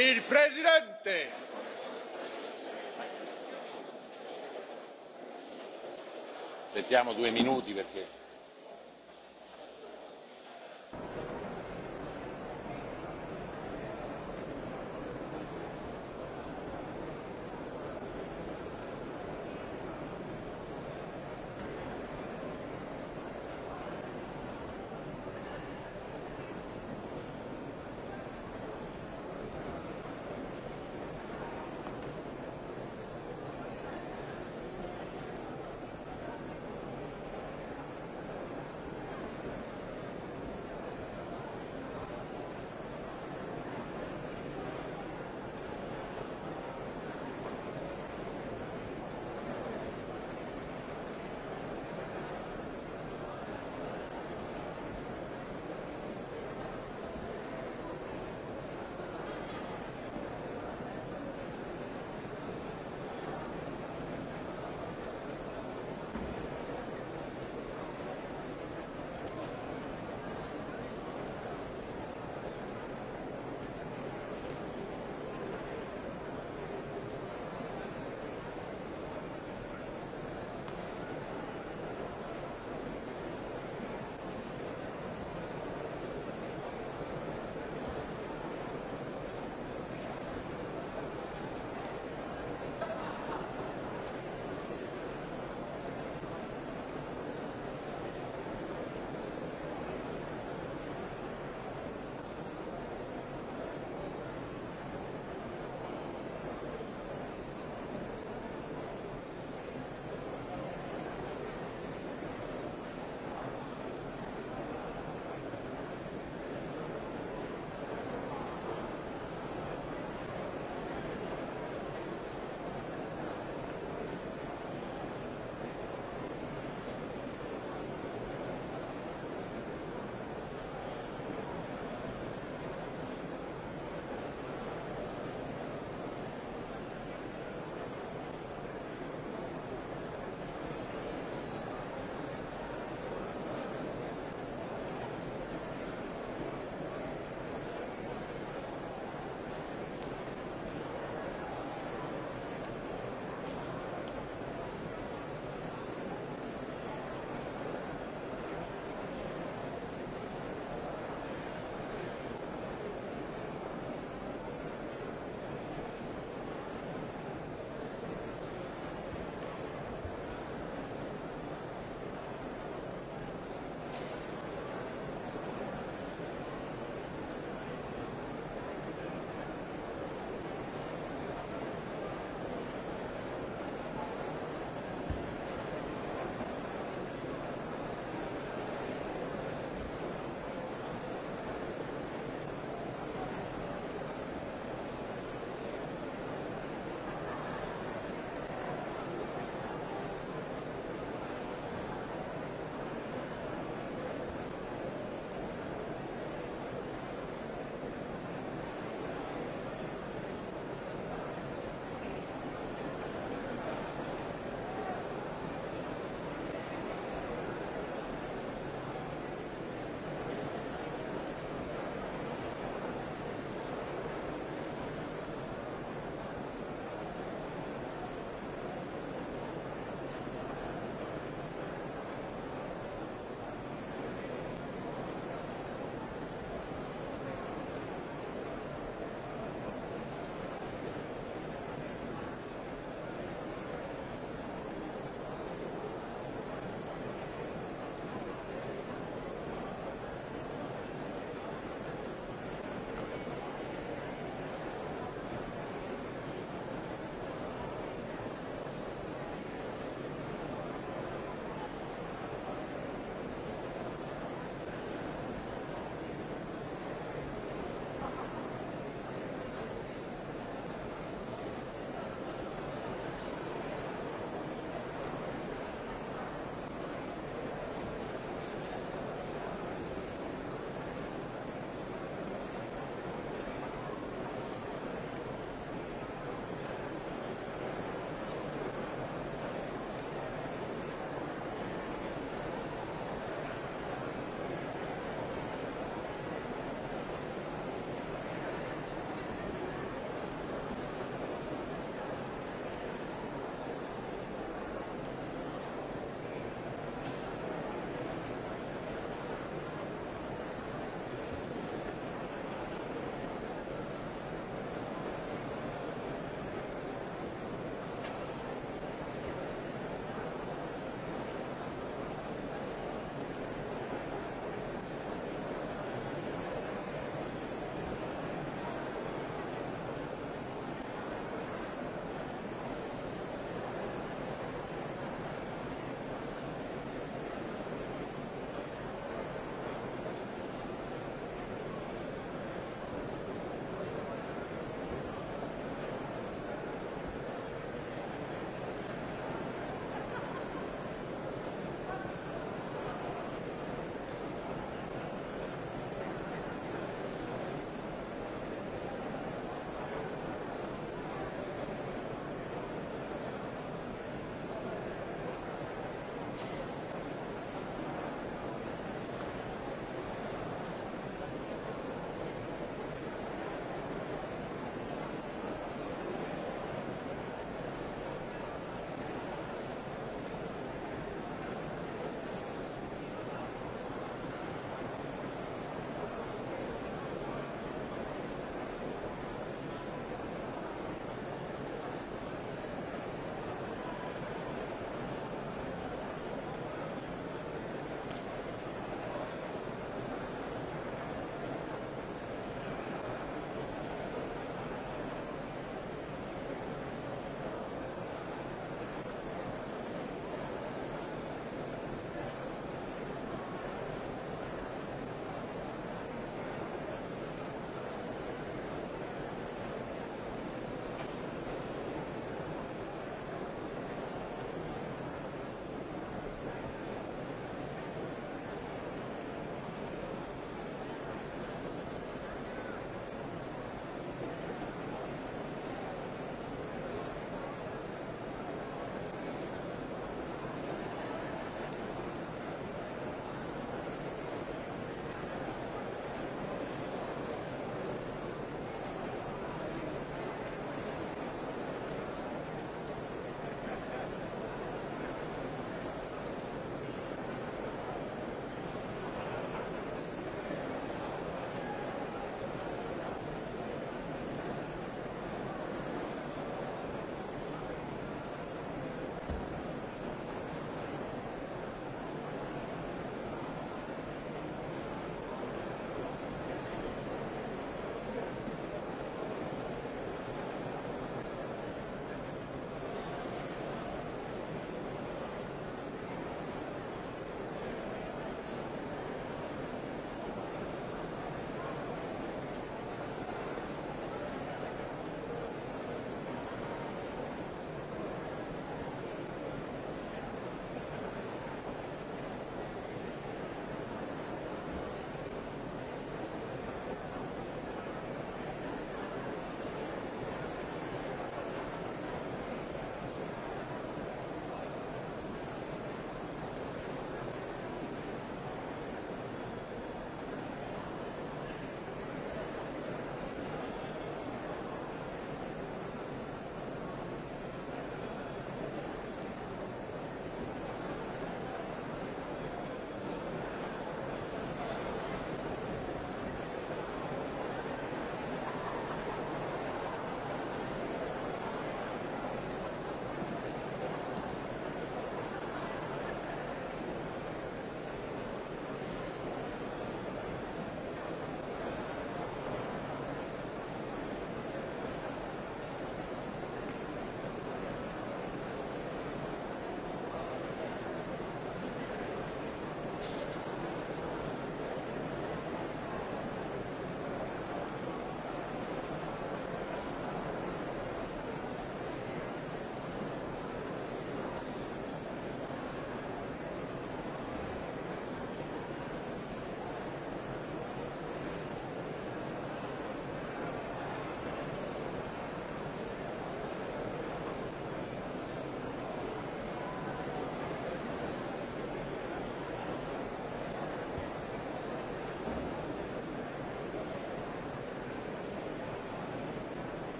il presidente aspettiamo due minuti perché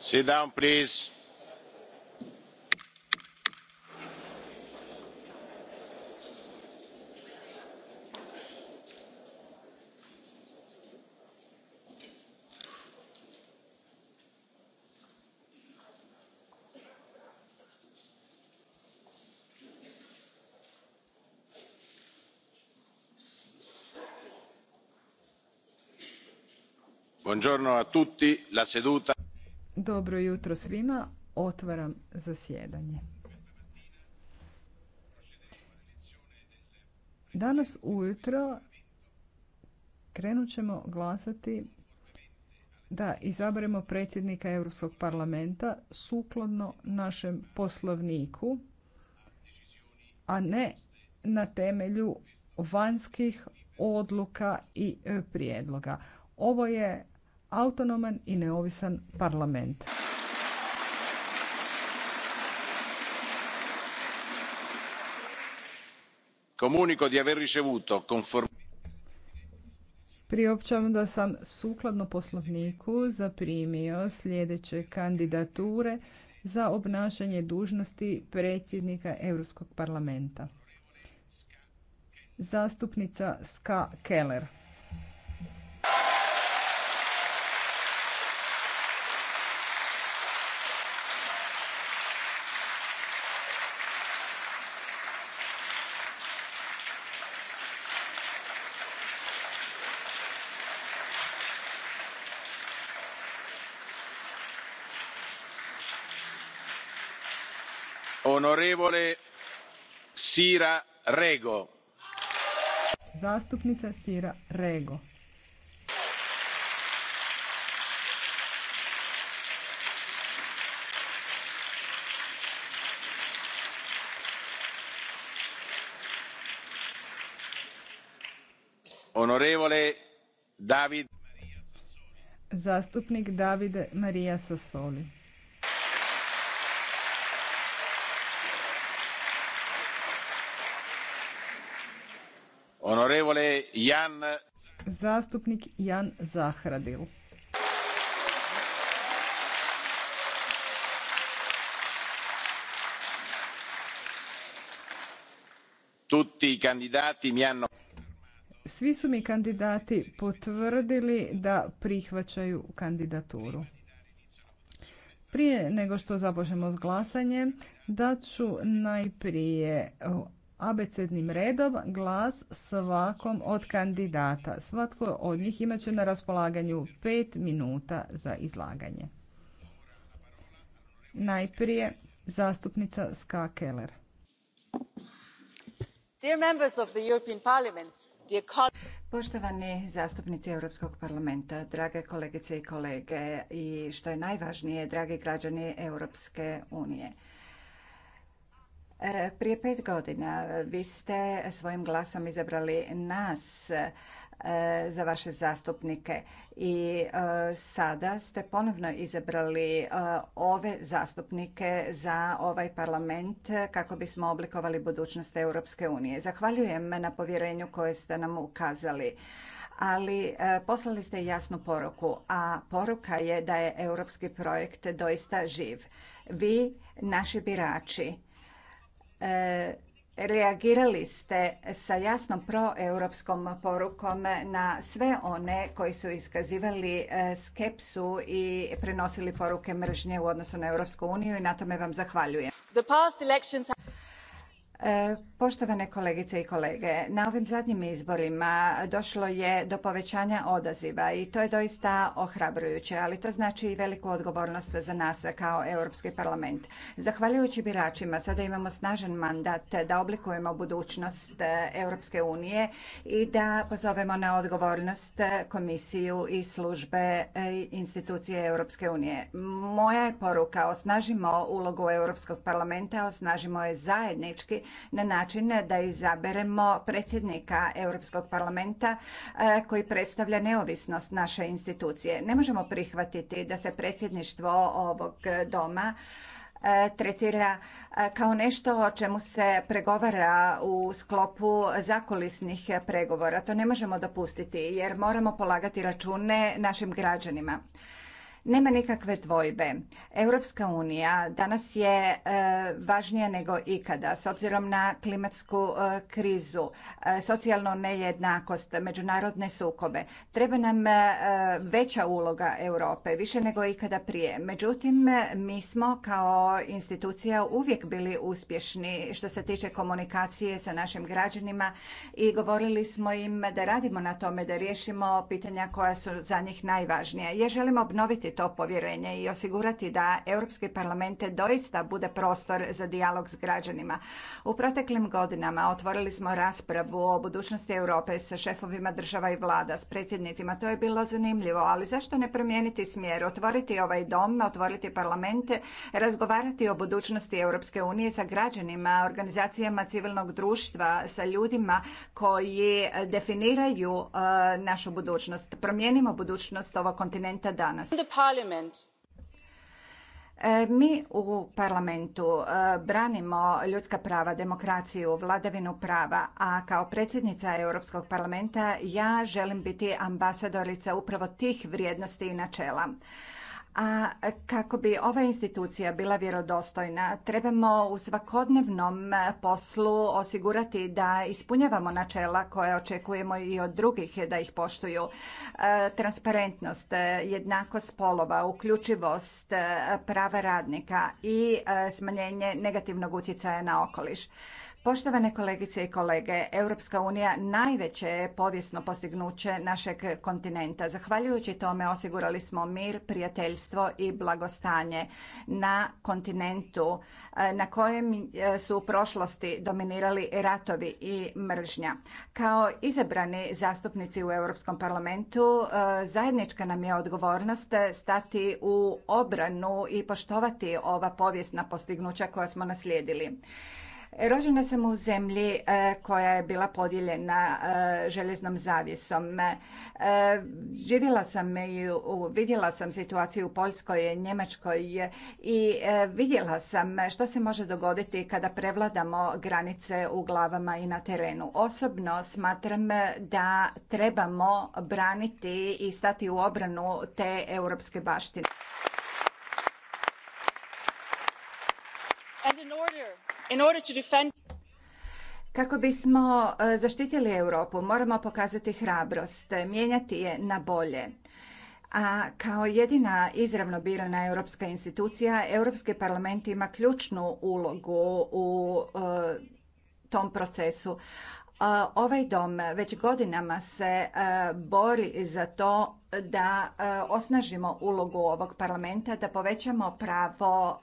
Sit down, please. buongiorno a tutti la seduta dobro jutro svima. Otvaram zasjedanje. Danas ujutro krenut ćemo glasati da izaberemo predsjednika Europskog parlamenta sukladno našem poslovniku, a ne na temelju vanjskih odluka i prijedloga. Ovo je autonoman i neovisan parlament. Comunico di aver ricevuto Priopćam da sam sukladno poslovniku zaprimio sljedeće kandidature za obnašanje dužnosti predsjednika Europskog parlamenta. Zastupnica Ska Keller. onorevole Sira Rego. Zastupnica Sira Rego. Onorevole David. Zastupnik Davide Marija Sassoli. Onorevole, Jan... Zastupnik Jan Zahradil. Tutti i kandidati mi hanno... Svi su mi kandidati potvrdili da prihvaćaju kandidaturu. Prije nego što započnemo s glasanjem, ću najprije abecednim redom glas svakom od kandidata. Svatko od njih imat će na raspolaganju pet minuta za izlaganje. Najprije zastupnica Ska Keller. Dear members of the European Parliament, dear Poštovani zastupnici Europskog parlamenta, drage kolegice i kolege i što je najvažnije, dragi građani Europske unije. Prije pet godina vi ste svojim glasom izabrali nas e, za vaše zastupnike i e, sada ste ponovno izabrali e, ove zastupnike za ovaj parlament kako bismo oblikovali budućnost Europske unije. Zahvaljujem na povjerenju koje ste nam ukazali ali poslali ste jasnu poruku, a poruka je da je europski projekt doista živ. Vi, naši birači, E, reagirali ste sa jasnom proeuropskom porukom na sve one koji su iskazivali e, skepsu i prenosili poruke mržnje u odnosu na Europsku uniju i na tome vam zahvaljujem. E, poštovane kolegice i kolege, na ovim zadnjim izborima došlo je do povećanja odaziva i to je doista ohrabrujuće, ali to znači i veliku odgovornost za nas kao Europski parlament. Zahvaljujući biračima sada imamo snažan mandat da oblikujemo budućnost e, Europske unije i da pozovemo na odgovornost e, komisiju i službe institucije Europske unije. Moja je poruka, osnažimo ulogu Europskog parlamenta, osnažimo je zajednički na način da izaberemo predsjednika Europskog parlamenta e, koji predstavlja neovisnost naše institucije. Ne možemo prihvatiti da se predsjedništvo ovog doma e, tretira e, kao nešto o čemu se pregovara u sklopu zakulisnih pregovora. To ne možemo dopustiti jer moramo polagati račune našim građanima. Nema nikakve dvojbe. Europska unija danas je e, važnija nego ikada s obzirom na klimatsku e, krizu, e, socijalnu nejednakost, međunarodne sukobe. Treba nam veća uloga Europe, više nego ikada prije. Međutim, mi smo kao institucija uvijek bili uspješni što se tiče komunikacije sa našim građanima i govorili smo im da radimo na tome da riješimo pitanja koja su za njih najvažnija. je želimo obnoviti to povjerenje i osigurati da Europski parlament doista bude prostor za dijalog s građanima. U proteklim godinama otvorili smo raspravu o budućnosti Europe sa šefovima država i vlada, s predsjednicima. To je bilo zanimljivo, ali zašto ne promijeniti smjer, otvoriti ovaj dom, otvoriti parlamente, razgovarati o budućnosti Europske unije sa građanima, organizacijama civilnog društva, sa ljudima koji definiraju e, našu budućnost. Promijenimo budućnost ovog kontinenta danas. E, mi u parlamentu e, branimo ljudska prava, demokraciju, vladavinu prava, a kao predsjednica Europskog parlamenta ja želim biti ambasadorica upravo tih vrijednosti i načela a kako bi ova institucija bila vjerodostojna, trebamo u svakodnevnom poslu osigurati da ispunjavamo načela koja očekujemo i od drugih da ih poštuju. E, transparentnost, jednakost polova, uključivost e, prava radnika i e, smanjenje negativnog utjecaja na okoliš. Poštovane kolegice i kolege, Europska unija najveće je povijesno postignuće našeg kontinenta. Zahvaljujući tome osigurali smo mir, prijateljstvo i blagostanje na kontinentu eh, na kojem eh, su u prošlosti dominirali ratovi i mržnja. Kao izabrani zastupnici u Europskom parlamentu eh, zajednička nam je odgovornost stati u obranu i poštovati ova povijesna postignuća koja smo naslijedili. Rođena sam u zemlji e, koja je bila podijeljena e, željeznom zavisom. E, živjela sam i vidjela sam situaciju u Poljskoj, Njemačkoj i vidjela sam što se može dogoditi kada prevladamo granice u glavama i na terenu. Osobno smatram da trebamo braniti i stati u obranu te europske baštine. Kako bismo e, zaštitili Europu, moramo pokazati hrabrost, e, mijenjati je na bolje. A kao jedina izravno birana europska institucija, Europski parlament ima ključnu ulogu u e, tom procesu Ovaj dom već godinama se e, bori za to da e, osnažimo ulogu ovog parlamenta, da povećamo pravo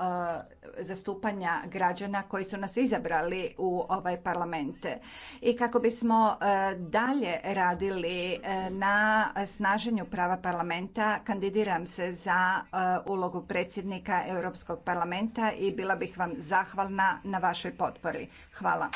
e, zastupanja građana koji su nas izabrali u ovaj parlament. I kako bismo dalje radili na snaženju prava parlamenta, kandidiram se za ulogu predsjednika Europskog parlamenta i bila bih vam zahvalna na vašoj potpori. Hvala.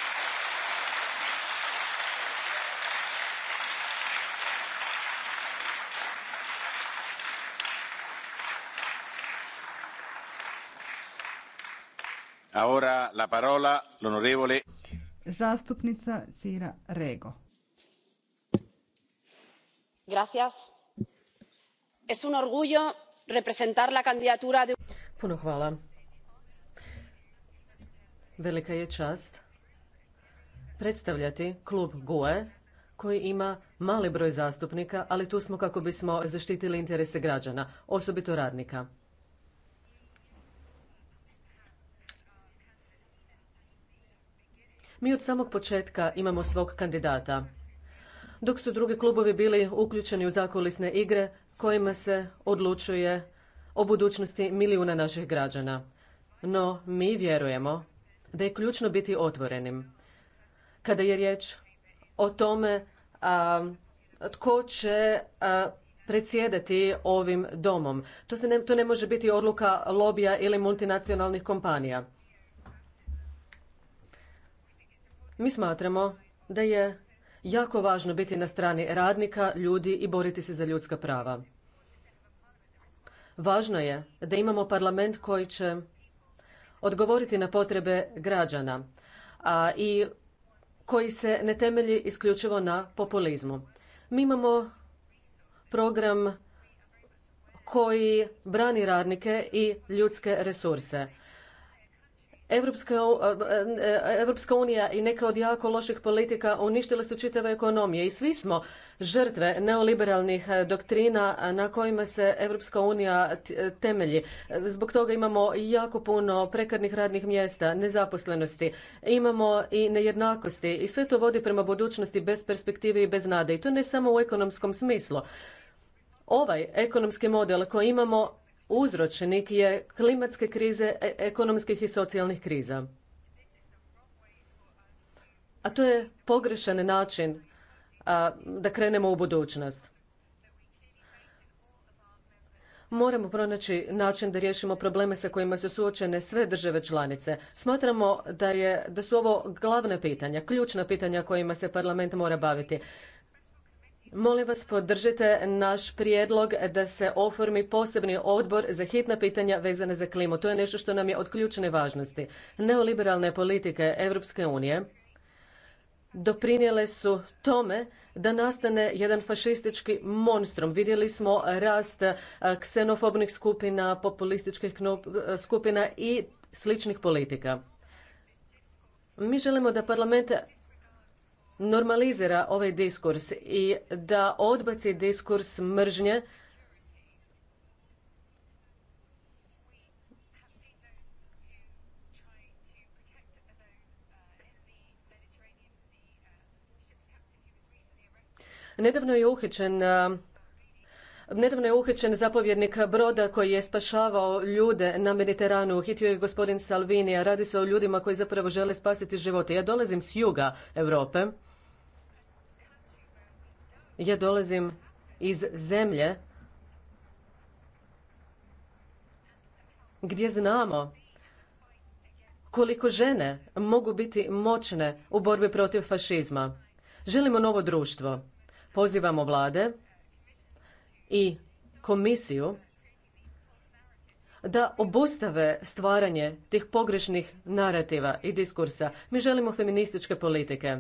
zastupnica Cira Rego. Puno hvala. Velika je čast predstavljati klub GUE koji ima mali broj zastupnika, ali tu smo kako bismo zaštitili interese građana, osobito radnika. Mi od samog početka imamo svog kandidata. Dok su drugi klubovi bili uključeni u zakulisne igre kojima se odlučuje o budućnosti milijuna naših građana. No, mi vjerujemo da je ključno biti otvorenim. Kada je riječ o tome a, tko će predsjedati ovim domom. To, se ne, to ne može biti odluka lobija ili multinacionalnih kompanija. Mi smatramo da je jako važno biti na strani radnika, ljudi i boriti se za ljudska prava. Važno je da imamo parlament koji će odgovoriti na potrebe građana a, i koji se ne temelji isključivo na populizmu. Mi imamo program koji brani radnike i ljudske resurse. Evropska unija i neka od jako loših politika uništile su čitave ekonomije i svi smo žrtve neoliberalnih e, doktrina na kojima se Europska unija e, temelji. Zbog toga imamo jako puno prekarnih radnih mjesta, nezaposlenosti, imamo i nejednakosti i sve to vodi prema budućnosti bez perspektive i bez nade i to ne samo u ekonomskom smislu. Ovaj ekonomski model koji imamo uzročnik je klimatske krize, e, ekonomskih i socijalnih kriza. A to je pogrešan način da krenemo u budućnost. Moramo pronaći način da riješimo probleme sa kojima su suočene sve države članice. Smatramo da, je, da su ovo glavna pitanja, ključna pitanja kojima se parlament mora baviti. Molim vas podržite naš prijedlog da se oformi posebni odbor za hitna pitanja vezane za klimu. To je nešto što nam je od ključne važnosti. Neoliberalne politike Europske unije doprinijele su tome da nastane jedan fašistički monstrum. Vidjeli smo rast ksenofobnih skupina, populističkih skupina i sličnih politika. Mi želimo da parlamente normalizira ovaj diskurs i da odbaci diskurs mržnje Nedavno je uhićen Nedavno je zapovjednik broda koji je spašavao ljude na Mediteranu. Uhitio je gospodin Salvini, a radi se o ljudima koji zapravo žele spasiti živote. Ja dolazim s juga Europe. Ja dolazim iz zemlje gdje znamo koliko žene mogu biti moćne u borbi protiv fašizma. Želimo novo društvo. Pozivamo vlade i komisiju da obustave stvaranje tih pogrešnih narativa i diskursa. Mi želimo feminističke politike.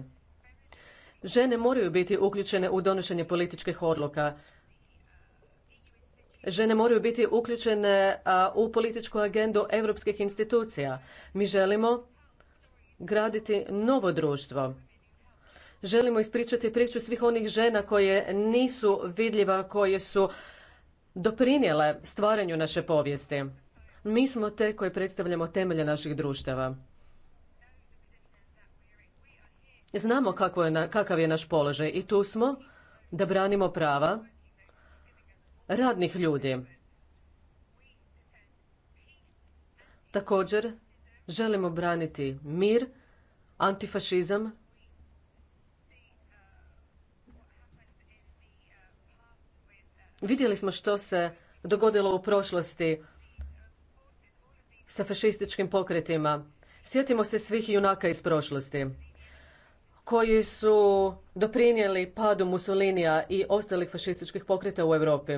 Žene moraju biti uključene u donošenje političkih odluka. Žene moraju biti uključene u političku agendu europskih institucija. Mi želimo graditi novo društvo. Želimo ispričati priču svih onih žena koje nisu vidljiva, koje su doprinijele stvaranju naše povijesti. Mi smo te koje predstavljamo temelje naših društava. Znamo je, kakav je naš položaj i tu smo da branimo prava radnih ljudi. Također želimo braniti mir, antifašizam Vidjeli smo što se dogodilo u prošlosti sa fašističkim pokretima. Sjetimo se svih junaka iz prošlosti koji su doprinijeli padu Mussolinija i ostalih fašističkih pokreta u Europi.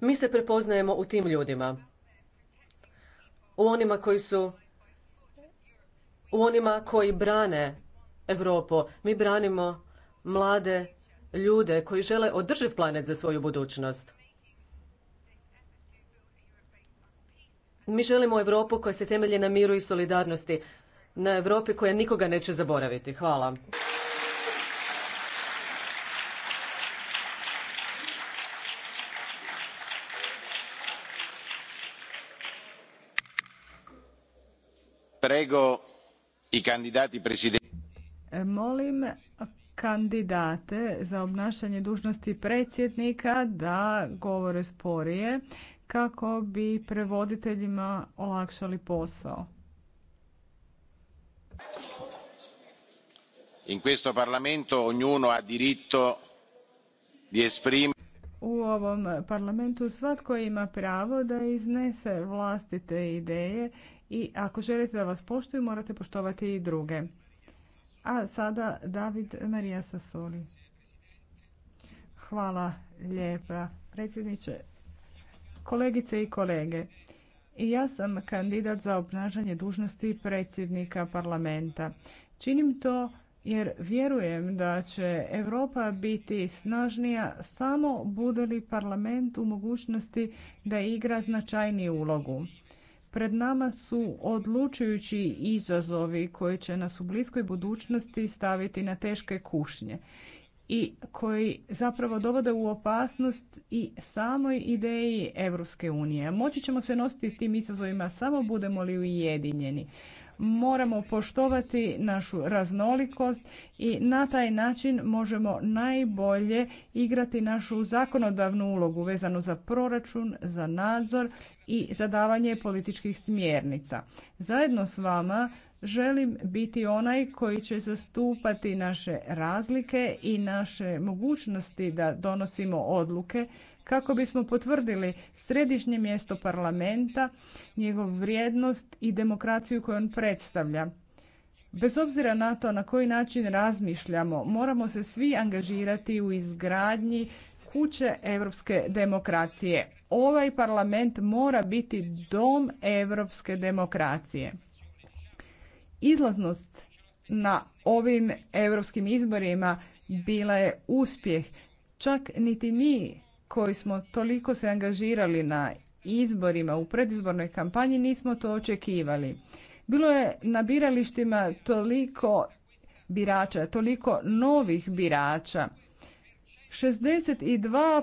Mi se prepoznajemo u tim ljudima. U onima koji su u onima koji brane Europu. Mi branimo mlade ljude koji žele održiv planet za svoju budućnost. Mi želimo Europu koja se temelji na miru i solidarnosti, na Europi koja nikoga neće zaboraviti. Hvala. Prego i kandidati presidenti. E, molim kandidate za obnašanje dužnosti predsjednika da govore sporije kako bi prevoditeljima olakšali posao in questo parlamento ognuno ha diritto di esprimere u ovom parlamentu svatko ima pravo da iznese vlastite ideje i ako želite da vas poštuju morate poštovati i druge. A sada David Marija Sasoli. Hvala lijepa predsjedniče, kolegice i kolege. Ja sam kandidat za obnažanje dužnosti predsjednika parlamenta. Činim to jer vjerujem da će Europa biti snažnija samo bude li parlament u mogućnosti da igra značajniju ulogu. Pred nama su odlučujući izazovi koji će nas u bliskoj budućnosti staviti na teške kušnje i koji zapravo dovode u opasnost i samoj ideji Europske unije. Moći ćemo se nositi s tim izazovima samo budemo li ujedinjeni. Moramo poštovati našu raznolikost i na taj način možemo najbolje igrati našu zakonodavnu ulogu vezanu za proračun, za nadzor i za davanje političkih smjernica. Zajedno s vama Želim biti onaj koji će zastupati naše razlike i naše mogućnosti da donosimo odluke kako bismo potvrdili središnje mjesto parlamenta, njegov vrijednost i demokraciju koju on predstavlja. Bez obzira na to na koji način razmišljamo, moramo se svi angažirati u izgradnji kuće europske demokracije. Ovaj parlament mora biti dom europske demokracije izlaznost na ovim europskim izborima bila je uspjeh. Čak niti mi koji smo toliko se angažirali na izborima u predizbornoj kampanji nismo to očekivali. Bilo je na biralištima toliko birača, toliko novih birača. 62%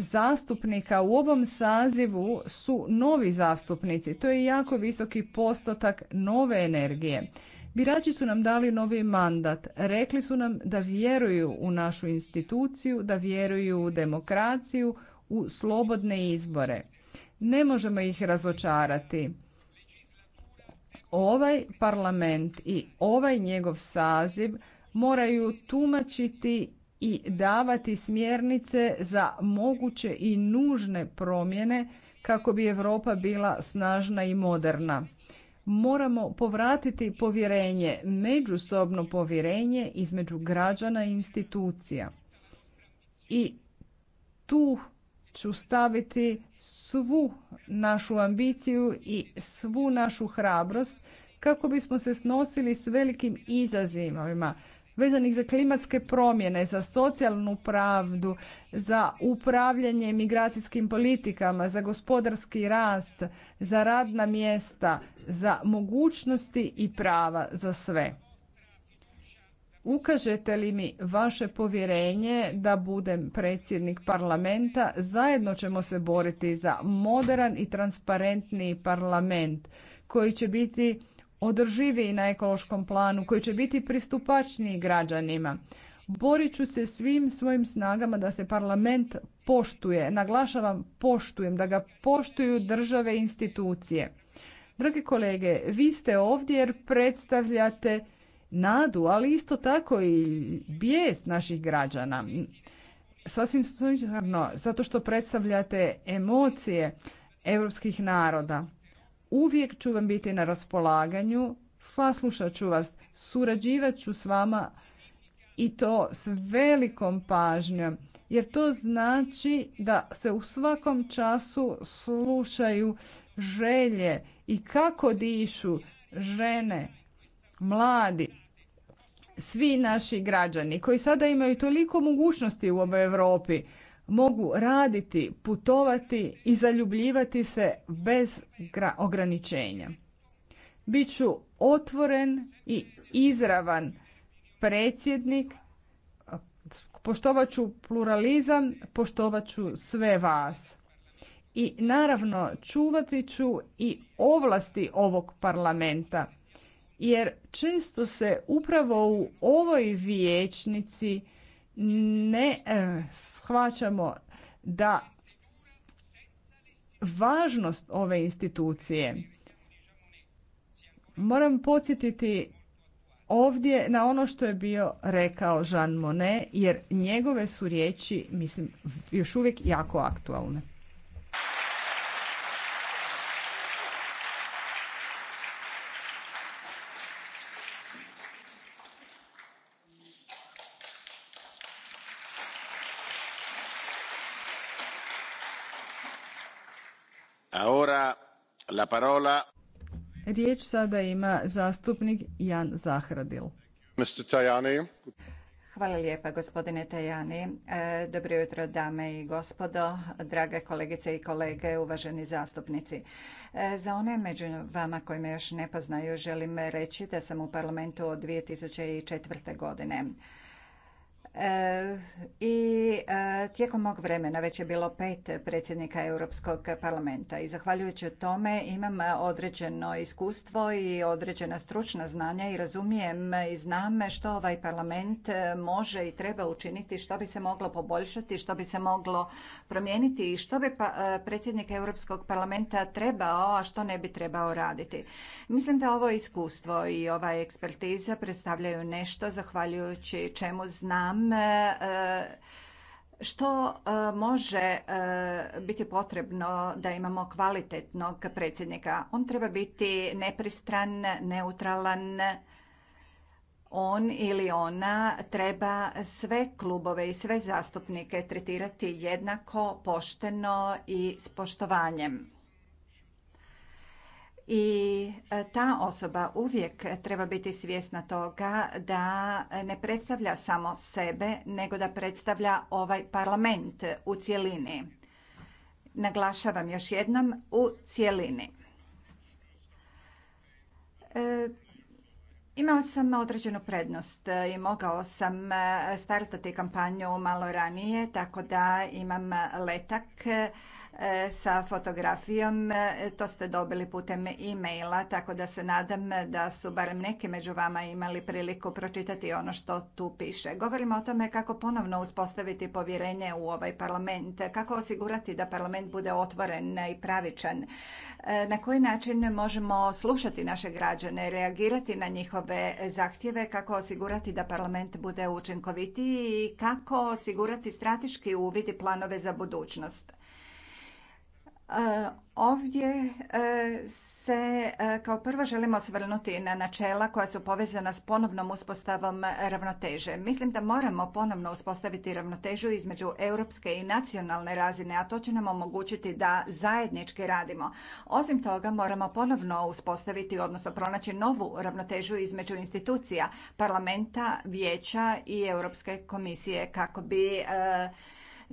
zastupnika u ovom sazivu su novi zastupnici. To je jako visoki postotak nove energije. Birači su nam dali novi mandat. Rekli su nam da vjeruju u našu instituciju, da vjeruju u demokraciju, u slobodne izbore. Ne možemo ih razočarati. Ovaj parlament i ovaj njegov saziv moraju tumačiti i davati smjernice za moguće i nužne promjene kako bi Europa bila snažna i moderna. Moramo povratiti povjerenje, međusobno povjerenje između građana i institucija. I tu ću staviti svu našu ambiciju i svu našu hrabrost kako bismo se snosili s velikim izazivima vezanih za klimatske promjene, za socijalnu pravdu, za upravljanje migracijskim politikama, za gospodarski rast, za radna mjesta, za mogućnosti i prava za sve. Ukažete li mi vaše povjerenje da budem predsjednik parlamenta, zajedno ćemo se boriti za moderan i transparentni parlament koji će biti održiviji na ekološkom planu, koji će biti pristupačniji građanima. Borit ću se svim svojim snagama da se parlament poštuje, naglašavam poštujem, da ga poštuju države i institucije. Drage kolege, vi ste ovdje jer predstavljate nadu, ali isto tako i bijes naših građana. Sasvim stvarno, zato što predstavljate emocije europskih naroda. Uvijek ću vam biti na raspolaganju, saslušat ću vas, surađivat ću s vama i to s velikom pažnjom jer to znači da se u svakom času slušaju želje i kako dišu žene, mladi, svi naši građani koji sada imaju toliko mogućnosti u ovoj Europi, mogu raditi, putovati i zaljubljivati se bez ograničenja. Biću otvoren i izravan predsjednik, poštovaću pluralizam, poštovaću sve vas. I naravno čuvati ću i ovlasti ovog parlamenta, jer često se upravo u ovoj vijećnici ne e, shvaćamo da važnost ove institucije moram podsjetiti ovdje na ono što je bio rekao Jean Monnet jer njegove su riječi mislim još uvijek jako aktualne. Riječ sada ima zastupnik Jan Zahradil. Hvala lijepa gospodine Tajani. E, dobro jutro dame i gospodo, drage kolegice i kolege, uvaženi zastupnici. E, za one među vama koji me još ne poznaju želim reći da sam u parlamentu od 2004. godine i e, tijekom mog vremena već je bilo pet predsjednika Europskog parlamenta i zahvaljujući tome imam određeno iskustvo i određena stručna znanja i razumijem i znam što ovaj parlament može i treba učiniti, što bi se moglo poboljšati, što bi se moglo promijeniti i što bi pa, e, predsjednik Europskog parlamenta trebao, a što ne bi trebao raditi. Mislim da ovo iskustvo i ova ekspertiza predstavljaju nešto zahvaljujući čemu znam E, što e, može e, biti potrebno da imamo kvalitetnog predsjednika. On treba biti nepristran, neutralan. On ili ona treba sve klubove i sve zastupnike tretirati jednako, pošteno i s poštovanjem i e, ta osoba uvijek treba biti svjesna toga da ne predstavlja samo sebe, nego da predstavlja ovaj parlament u cjelini. Naglašavam još jednom, u cjelini. E, imao sam određenu prednost i mogao sam e, startati kampanju malo ranije, tako da imam letak E, sa fotografijom. E, to ste dobili putem e-maila, tako da se nadam da su barem neki među vama imali priliku pročitati ono što tu piše. Govorimo o tome kako ponovno uspostaviti povjerenje u ovaj parlament, kako osigurati da parlament bude otvoren i pravičan, e, na koji način možemo slušati naše građane, reagirati na njihove zahtjeve, kako osigurati da parlament bude učinkovitiji i kako osigurati strateški uvid i planove za budućnost. Ovdje e, se e, kao prvo želimo osvrnuti na načela koja su povezana s ponovnom uspostavom ravnoteže. Mislim da moramo ponovno uspostaviti ravnotežu između europske i nacionalne razine, a to će nam omogućiti da zajednički radimo. Osim toga, moramo ponovno uspostaviti, odnosno pronaći novu ravnotežu između institucija, parlamenta, vijeća i Europske komisije kako bi e,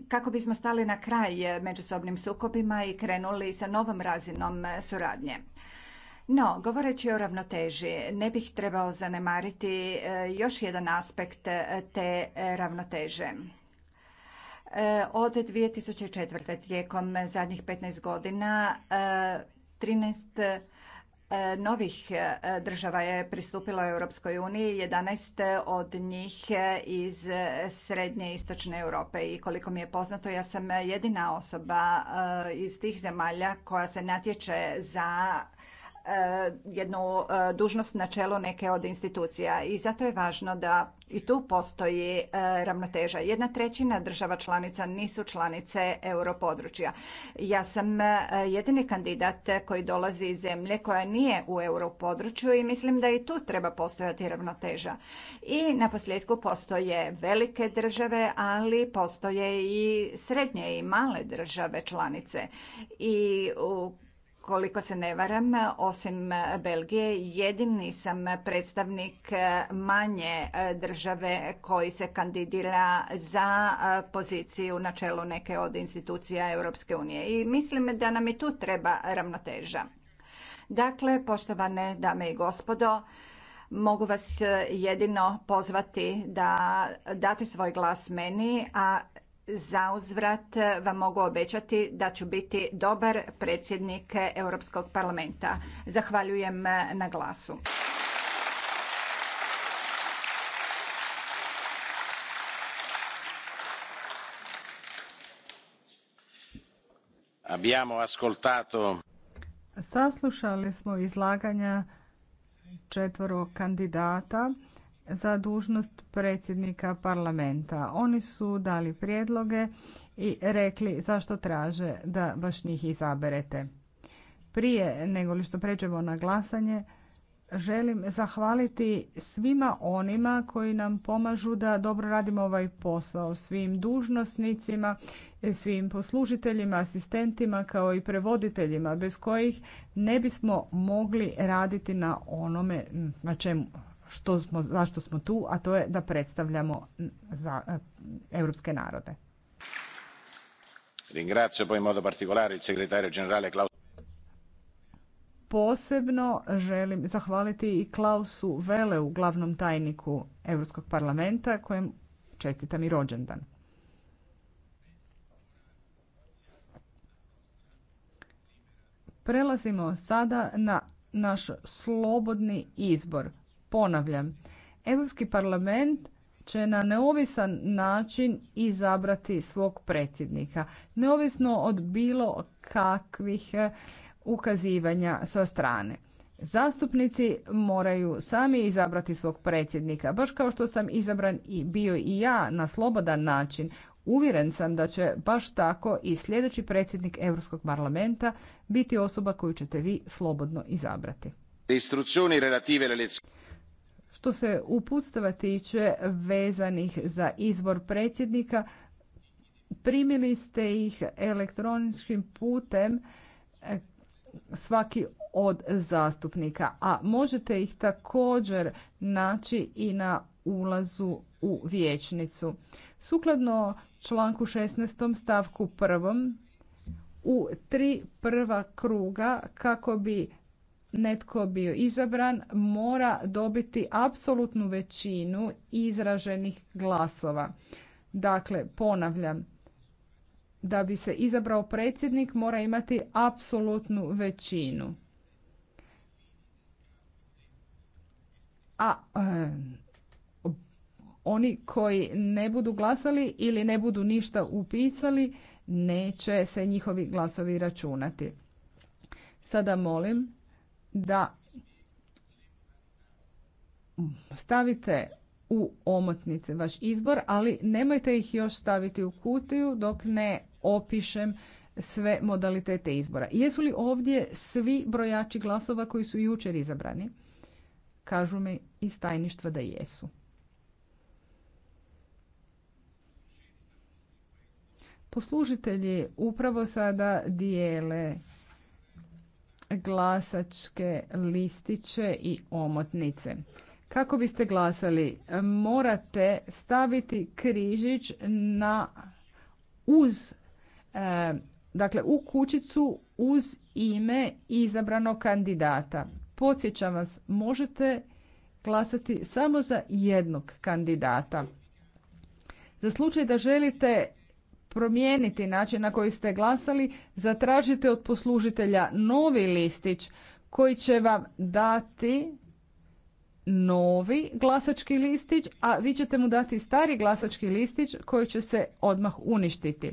kako bismo stali na kraj e, međusobnim sukobima i krenuli sa novom razinom e, suradnje. No, govoreći o ravnoteži, ne bih trebao zanemariti e, još jedan aspekt te ravnoteže. Od 2004. tijekom zadnjih 15 godina 13 E, novih e, država je pristupilo Europskoj uniji, 11 od njih iz srednje i istočne Europe i koliko mi je poznato ja sam jedina osoba e, iz tih zemalja koja se natječe za Eh, jednu eh, dužnost na čelu neke od institucija i zato je važno da i tu postoji eh, ravnoteža. Jedna trećina država članica nisu članice europodručja. Ja sam jedini kandidat koji dolazi iz zemlje koja nije u europodručju i mislim da i tu treba postojati ravnoteža. I na posljedku postoje velike države, ali postoje i srednje i male države članice. I u koliko se ne varam, osim Belgije, jedini sam predstavnik manje države koji se kandidira za poziciju na čelu neke od institucija Europske unije. I mislim da nam i tu treba ravnoteža. Dakle, poštovane dame i gospodo, mogu vas jedino pozvati da date svoj glas meni, a uzvrat vam mogu obećati da ću biti dobar predsjednik Europskog parlamenta. Zahvaljujem na glasu. Saslušali smo izlaganja četvoro kandidata za dužnost predsjednika parlamenta. Oni su dali prijedloge i rekli zašto traže da baš njih izaberete. Prije nego što pređemo na glasanje, želim zahvaliti svima onima koji nam pomažu da dobro radimo ovaj posao, svim dužnosnicima, svim poslužiteljima, asistentima kao i prevoditeljima bez kojih ne bismo mogli raditi na onome na čemu što smo, zašto smo tu, a to je da predstavljamo za europske narode. Posebno želim zahvaliti i Klausu Veleu, glavnom tajniku Europskog parlamenta, kojem čestitam i rođendan. Prelazimo sada na naš slobodni izbor. Ponavljam, Europski parlament će na neovisan način izabrati svog predsjednika, neovisno od bilo kakvih eh, ukazivanja sa strane. Zastupnici moraju sami izabrati svog predsjednika, baš kao što sam izabran i bio i ja na slobodan način. Uvjeren sam da će baš tako i sljedeći predsjednik Europskog parlamenta biti osoba koju ćete vi slobodno izabrati. Što se upustava tiče vezanih za izbor predsjednika, primili ste ih elektroničkim putem e, svaki od zastupnika, a možete ih također naći i na ulazu u vijećnicu. Sukladno članku 16. stavku 1. u tri prva kruga kako bi netko bio izabran mora dobiti apsolutnu većinu izraženih glasova. Dakle, ponavljam, da bi se izabrao predsjednik mora imati apsolutnu većinu. A e, oni koji ne budu glasali ili ne budu ništa upisali, neće se njihovi glasovi računati. Sada molim da stavite u omotnice vaš izbor, ali nemojte ih još staviti u kutiju dok ne opišem sve modalitete izbora. Jesu li ovdje svi brojači glasova koji su jučer izabrani? Kažu mi iz tajništva da jesu. Poslužitelji upravo sada dijele glasačke listiće i omotnice. Kako biste glasali? Morate staviti križić na uz e, dakle u kućicu uz ime izabranog kandidata. Podsjećam vas, možete glasati samo za jednog kandidata. Za slučaj da želite promijeniti način na koji ste glasali, zatražite od poslužitelja novi listić koji će vam dati novi glasački listić, a vi ćete mu dati stari glasački listić koji će se odmah uništiti.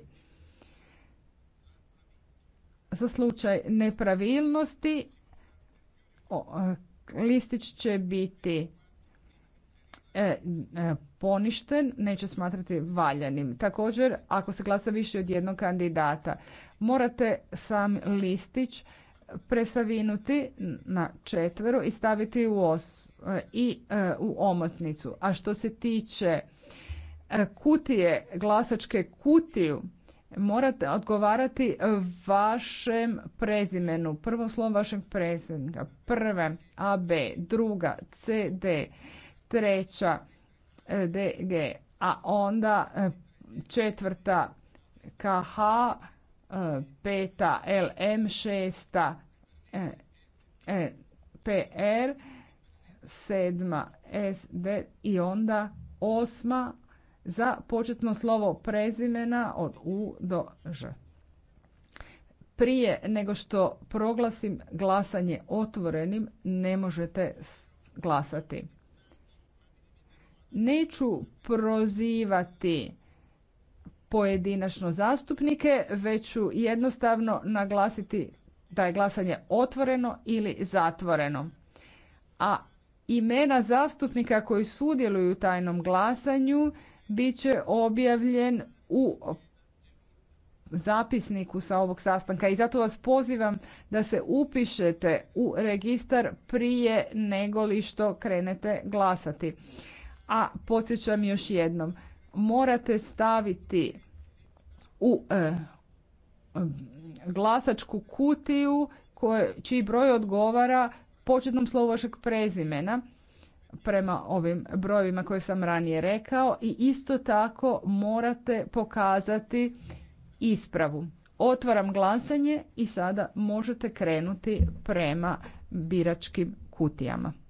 Za slučaj nepravilnosti listić će biti E, e, poništen neće smatrati valjanim. Također, ako se glasa više od jednog kandidata, morate sam listić presavinuti na četveru i staviti u os e, i u omotnicu. A što se tiče kutije, glasačke kutiju, morate odgovarati vašem prezimenu, prvom slovom vašeg prezimena, prve AB, druga CD, treća e, DG, a onda e, četvrta KH, e, peta LM, šesta PR, sedma SD i onda osma za početno slovo prezimena od U do Ž. Prije nego što proglasim glasanje otvorenim, ne možete glasati neću prozivati pojedinačno zastupnike, već ću jednostavno naglasiti da je glasanje otvoreno ili zatvoreno. A imena zastupnika koji sudjeluju u tajnom glasanju bit će objavljen u zapisniku sa ovog sastanka i zato vas pozivam da se upišete u registar prije nego li što krenete glasati a podsjećam još jednom morate staviti u e, glasačku kutiju koje, čiji broj odgovara početnom slovu vašeg prezimena prema ovim brojevima koje sam ranije rekao i isto tako morate pokazati ispravu. Otvaram glasanje i sada možete krenuti prema biračkim kutijama.